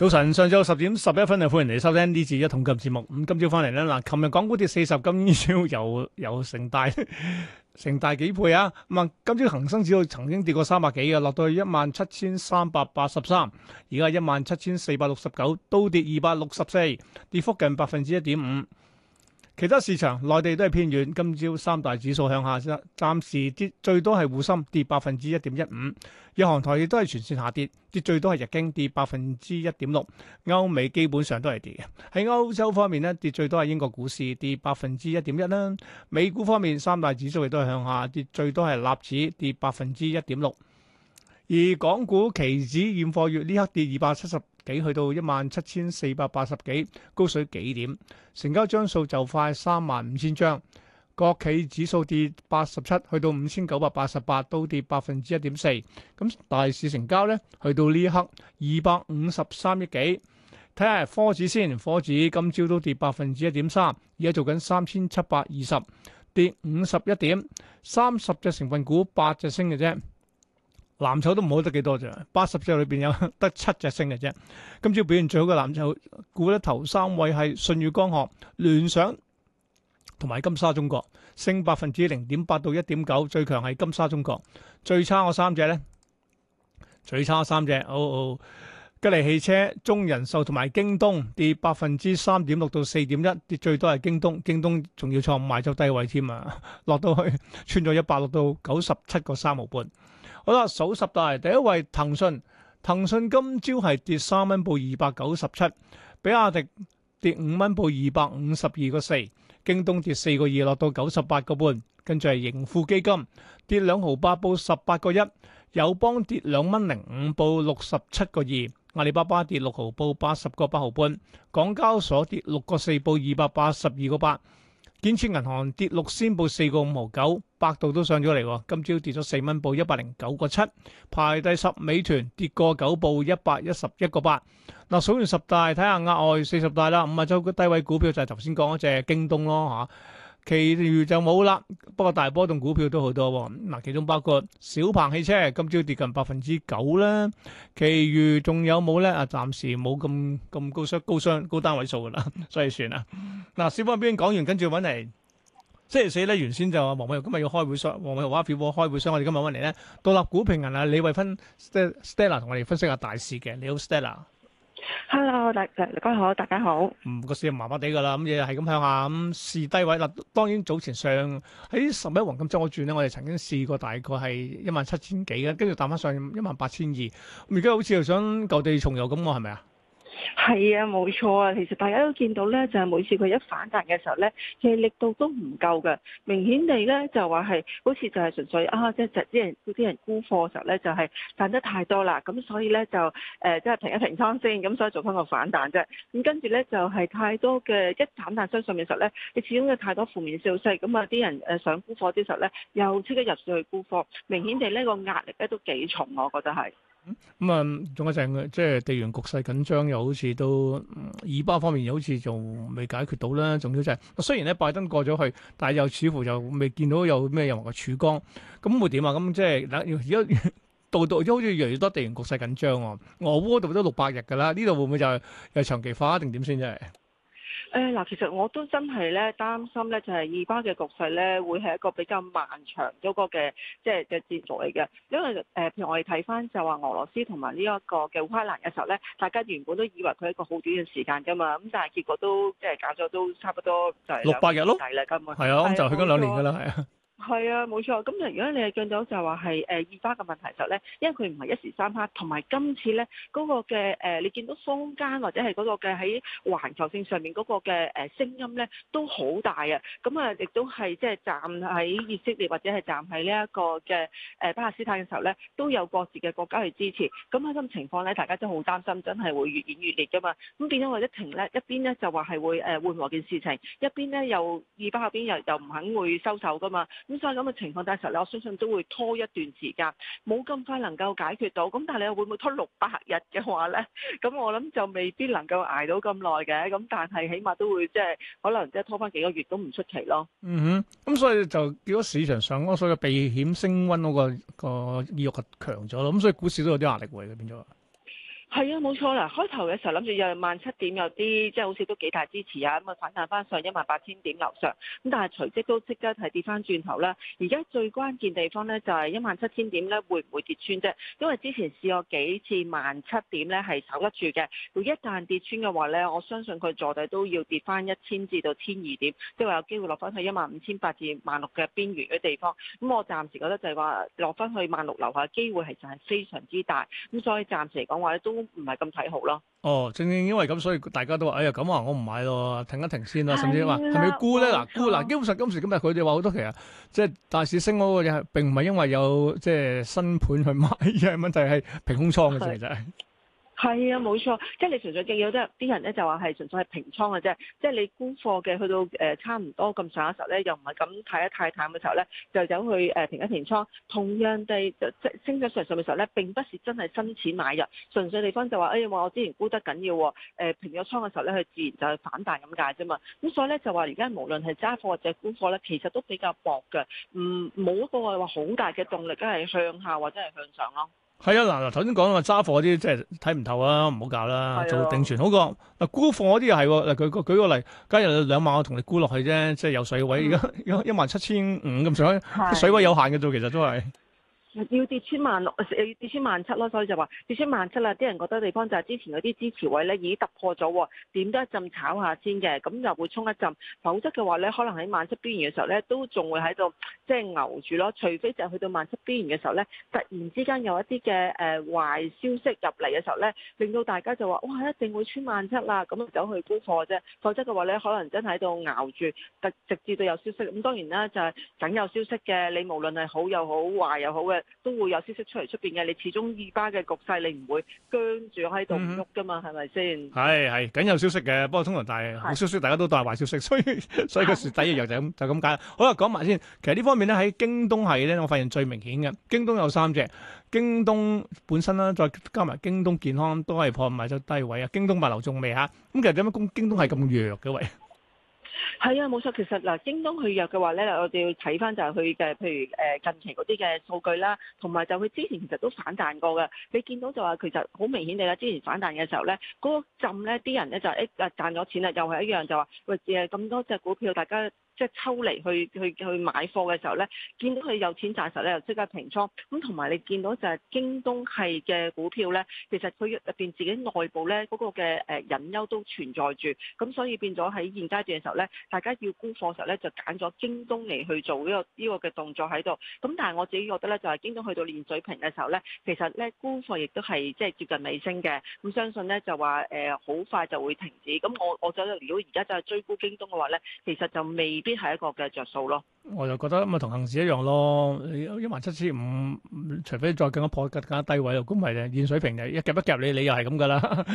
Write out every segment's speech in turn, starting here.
早晨，上晝十點十一分就歡迎嚟收聽呢次一桶金節目。咁今朝翻嚟啦，嗱，琴日港股跌四十，今朝又又成大成大幾倍啊？今朝恒生指數曾經跌過三百幾嘅，落到去一萬七千三百八十三，而家一萬七千四百六十九，都跌二百六十四，跌幅近百分之一點五。其他市場，內地都係偏遠。今朝三大指數向下，暫時跌最多係滬深跌百分之一點一五。日韓台亦都係全線下跌，跌最多係日經跌百分之一點六。歐美基本上都係跌嘅。喺歐洲方面咧，跌最多係英國股市跌百分之一點一啦。美股方面，三大指數亦都係向下，跌最多係納指跌百分之一點六。而港股期指現貨月呢刻跌二百七十幾，去到一萬七千四百八十幾，高水幾點？成交張數就快三萬五千張。國企指數跌八十七，去到五千九百八十八，都跌百分之一點四。咁大市成交咧，去到呢刻二百五十三億幾。睇下科指先，科指今朝都跌百分之一點三，而家做緊三千七百二十，跌五十一點，三十隻成分股八隻升嘅啫。藍籌都唔好得幾多咋，八十隻裏邊有得七隻升嘅啫。今朝表現最好嘅藍籌估得頭三位係舜宇光學、聯想同埋金沙中國，升百分之零點八到一點九。最強係金沙中國，最差嗰三隻咧，最差三隻，哦哦，吉利汽車、中人壽同埋京東跌百分之三點六到四點一，跌最多係京東，京東仲要創賣咗低位添啊，落到去穿咗一百六到九十七個三毫半。好啦，數十大，第一位騰訊，騰訊今朝係跌三蚊，報二百九十七；比亞迪跌五蚊，報二百五十二個四；京東跌四個二，落到九十八個半；跟住係盈富基金跌兩毫八，報十八個一；友邦跌兩蚊零五，報六十七個二；阿里巴巴跌六毫，報八十個八毫半；港交所跌六個四，報二百八十二個八；建設銀行跌六仙，報四個五毫九。百度都上咗嚟，今朝跌咗四蚊報，一百零九個七，排第十。美團跌過九報，一百一十一個八。嗱，數完十大，睇下額外四十大啦。五啊周嘅低位股票就係頭先講嗰隻京東咯嚇，其餘就冇啦。不過大波動股票都好多，嗱，其中包括小鵬汽車，今朝跌近百分之九啦。其餘仲有冇咧？啊，暫時冇咁咁高商高商高單位數噶啦，所以算啦。嗱，小方邊講完，跟住揾嚟。星期四咧，原先就黃偉豪今日要開會商，黃偉豪阿 Phil 開會商，所以我哋今日揾嚟咧，獨立股評人啊李慧芬，Stella 同我哋分析下大市嘅，你好 Stella。Hello，大家好，大家好。嗯，個市麻麻地噶啦，咁日日係咁向下咁試、嗯、低位啦、啊。當然早前上喺十一黃金周嗰轉咧，我哋曾經試過大概係一萬七千幾嘅，跟住彈翻上一萬八千二。咁而家好似又想舊地重遊咁喎，係咪啊？係啊，冇錯啊。其實大家都見到呢，就係、是、每次佢一反彈嘅時候呢，其實力度都唔夠嘅。明顯地呢，就話係好似就係純粹啊，即係啲人啲人沽貨嘅時候呢，就係、是、彈得太多啦。咁所以，呃就是、平平所以呢，就誒，即係停一停倉先。咁所以做翻個反彈啫。咁跟住呢，就係太多嘅一反彈出上面嘅時候呢，你始終有太多負面消息。咁啊，啲人誒上沽貨嘅時候呢，又即刻入去沽貨。明顯地呢個壓力呢都幾重，我覺得係。咁啊，仲、嗯、有就係即係地緣局勢緊張，又好似都，以、嗯、巴方面又好似仲未解決到啦。仲要就係、是、雖然咧拜登過咗去，但係又似乎就未見到有咩任何嘅曙光。咁會點啊？咁即係而家度度都好似越嚟越多地緣局勢緊張喎、啊。俄烏度都六百日㗎啦，呢度會唔會就係、又長期化定點先？即係。誒嗱、哎，其實我都真係咧擔心咧，就係二巴嘅局勢咧，會係一個比較漫長嗰個嘅即係嘅節奏嚟嘅。因為誒、呃，譬如我哋睇翻，就話俄羅斯同埋呢一個嘅烏克蘭嘅時候咧，大家原本都以為佢係一個好短嘅時間噶嘛，咁但係結果都即係搞咗都差不多就係六百日咯，係啦根本，係啊，咁、嗯、就去咗兩年噶啦，係啊。係啊，冇錯。咁、嗯、如果你係見到就話係誒伊巴嘅問題時候咧，因為佢唔係一時三刻，同埋今次咧嗰、那個嘅誒、呃，你見到坊間或者係嗰個嘅喺環球性上面嗰個嘅誒聲音咧都好大啊。咁、嗯、啊，亦都係即係站喺以色列或者係站喺呢一個嘅誒巴勒斯坦嘅時候咧，都有各自嘅國家去支持。咁喺咁情況咧，大家都好擔心，真係會越演越烈噶嘛。咁變咗或者停咧，一邊咧就話係會誒緩和件事情，一邊咧又二巴後邊又又唔肯會收手噶嘛。嗯咁嘅情況，但係實咧，我相信都會拖一段時間，冇咁快能夠解決到。咁但係你會唔會拖六百日嘅話咧？咁我諗就未必能夠捱到咁耐嘅。咁但係起碼都會即係可能即係拖翻幾個月都唔出奇咯。嗯哼，咁所以就如果市場上嗰個避險升溫嗰個、嗰個嗰個嗰個意欲強咗咯，咁所以股市都有啲壓力喎，而家變咗。係啊，冇錯啦。開頭嘅時候諗住又萬七點有啲，即係好似都幾大支持啊，咁啊反彈翻上一萬八千點樓上。咁但係隨即都即刻係跌翻轉頭啦。而家最關鍵地方咧，就係一萬七千點咧，會唔會跌穿啫？因為之前試過幾次萬七點咧係守得住嘅。如果一旦跌穿嘅話咧，我相信佢坐底都要跌翻一千至到千二點，即係話有機會落翻去一萬五千八至萬六嘅邊緣嘅地方。咁我暫時覺得就係話落翻去萬六樓下機會係真係非常之大。咁所以暫時嚟講話咧都。唔係咁睇好咯。哦，正正因為咁，所以大家都話：哎呀，咁啊，我唔買咯，停一停先啦。甚至話係咪要沽咧？嗱的，沽嗱錯，基本上今時今日佢哋話好多其實，即係大市升嗰個嘢，並唔係因為有即係新盤去買，而係問題係平空倉嘅事就係。的 係啊，冇錯，即係你純粹見有啲人，啲人咧就話係純粹係平倉嘅啫。即係你沽貨嘅，去到誒差唔多咁上下時候咧，又唔係咁睇得太淡嘅時候咧，就走去誒平一平倉。同樣地，就即升咗上上嘅時候咧，並不是真係新錢買入，純粹地方就話誒、哎、我之前沽得緊要，誒、呃、平咗倉嘅時候咧，佢自然就係反彈咁解啫嘛。咁所以咧就話，而家無論係揸貨或者沽貨咧，其實都比較薄嘅，唔冇一個話好大嘅動力都係向下或者係向上咯。係啊，嗱嗱，頭先講話揸貨嗰啲即係睇唔透啊，唔好搞啦，的做定存好過。嗱沽貨嗰啲又係，嗱佢舉個例，假如兩萬我同你沽落去啫，即係有水位，而家一萬七千五咁上下，的水位有限嘅啫，其實都係。要跌穿萬，要跌穿萬七咯，所以就話跌穿萬七啦。啲人覺得地方就係之前嗰啲支持位咧已經突破咗，點都一陣炒一下先嘅，咁就會衝一陣，否則嘅話咧，可能喺萬七邊緣嘅時候咧，都仲會喺度即係熬住咯。除非就去到萬七邊緣嘅時候咧，突然之間有一啲嘅誒壞消息入嚟嘅時候咧，令到大家就話哇一定會穿萬七啦，咁走去沽貨啫。否則嘅話咧，可能真係喺度熬住，特直至到有消息。咁當然啦，就係、是、等有消息嘅，你無論係好又好壞又好嘅。都會有消息出嚟出邊嘅，你始終二巴嘅局勢，你唔會僵住喺度唔喐噶嘛？係咪先？係，係，緊有消息嘅，不過通常大好消息，大家都當係壞消息，所以所以佢蝕底一樣就咁就咁解。好啦，講埋先，其實呢方面咧喺京東係咧，我發現最明顯嘅京東有三隻，京東本身啦，再加埋京東健康都係破埋咗低位啊。京東物流仲未吓，咁其實點解公京東係咁弱嘅位？係啊，冇錯，其實嗱，京東去入嘅話咧，我哋要睇翻就係佢嘅，譬如誒近期嗰啲嘅數據啦，同埋就佢之前其實都反彈過嘅。你見到就話其實好明顯地啦，之前反彈嘅時候咧，嗰陣咧啲人咧就誒、哎、賺咗錢啦，又係一樣就話喂誒咁多隻股票，大家。即係抽嚟去去去買貨嘅時候咧，見到佢有錢賺嘅時候咧，又即刻平倉。咁同埋你見到就係京東係嘅股票咧，其實佢入邊自己內部咧嗰、那個嘅誒隱憂都存在住。咁所以變咗喺現階段嘅時候咧，大家要沽貨嘅時候咧，就揀咗京東嚟去做呢個呢個嘅動作喺度。咁但係我自己覺得咧，就係、是、京東去到連水平嘅時候咧，其實咧沽貨亦都係即係接近尾聲嘅。咁相信咧就話誒好快就會停止。咁我我走咗嚟，如果而家就係追沽京東嘅話咧，其實就未必。呢啲係一個嘅着數咯，我就覺得咁啊，同行市一樣咯，一萬七千五，除非再更加破更加低位，又估唔係嘅現水平，就一夾一夾你，你又係咁噶啦。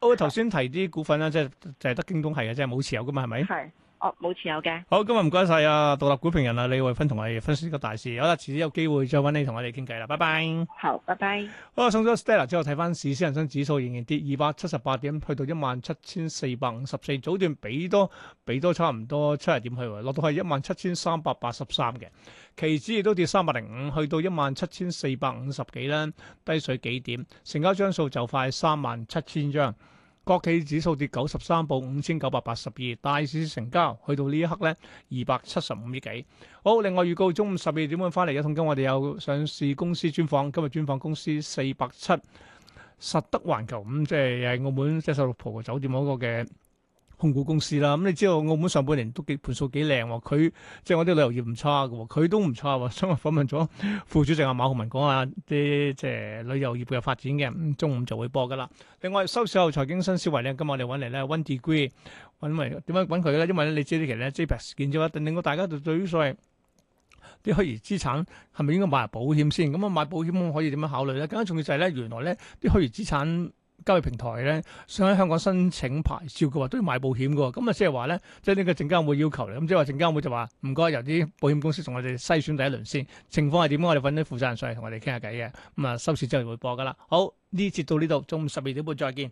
我頭先提啲股份啦，即係就係、係、得京東係嘅，即係冇持有噶嘛，係咪？係。哦，冇持有嘅。好，今日唔該晒啊，獨立股評人啊，李慧芬同我哋分析呢個大市。好啦，遲啲有機會再揾你同我哋傾偈啦，拜拜。好，拜拜。好，送咗 Stella 之後，睇翻市，市，先恒生指數仍然跌二百七十八點，去到一萬七千四百五十四，早段比多比多差唔多七十點去，落到係一萬七千三百八十三嘅。期指亦都跌三百零五，去到一萬七千四百五十幾啦，低水幾點？成交張數就快三萬七千張。國企指數跌九十三，報五千九百八十二，大市成交去到呢一刻咧二百七十五億幾。好，另外預告中午十二點半翻嚟一統計，我哋有上市公司專訪，今日專訪公司四百七實德環球。五，即係澳門即係十六鋪嘅酒店嗰個嘅。控股公司啦，咁、嗯、你知道澳門上半年都幾盤數幾靚喎，佢即係我啲旅遊業唔差嘅，佢都唔差喎。所以我訪問咗副主席阿馬浩文講下啲即係旅遊業嘅發展嘅、嗯，中午就會播噶啦。另外收市後財經新思維咧，今日我哋揾嚟咧，One Degree 揾嚟點樣揾佢咧？因為你知呢期實咧，JPEX 見咗一定令到大家就對於所謂啲虛擬資產係咪應該買保險先？咁、嗯、啊買保險可以點樣考慮咧？更加重要就係咧，原來咧啲虛擬資產交易平台咧想喺香港申請牌照嘅話，都要買保險嘅喎。咁啊，即係話咧，即係呢個證監會要求嚟，咁即係話證監會就話唔該，由啲保險公司同我哋篩選第一輪先。情況係點？我哋揾啲負責人上嚟同我哋傾下偈嘅。咁啊，收市之後會播噶啦。好，呢節到呢度，中午十二點半再見。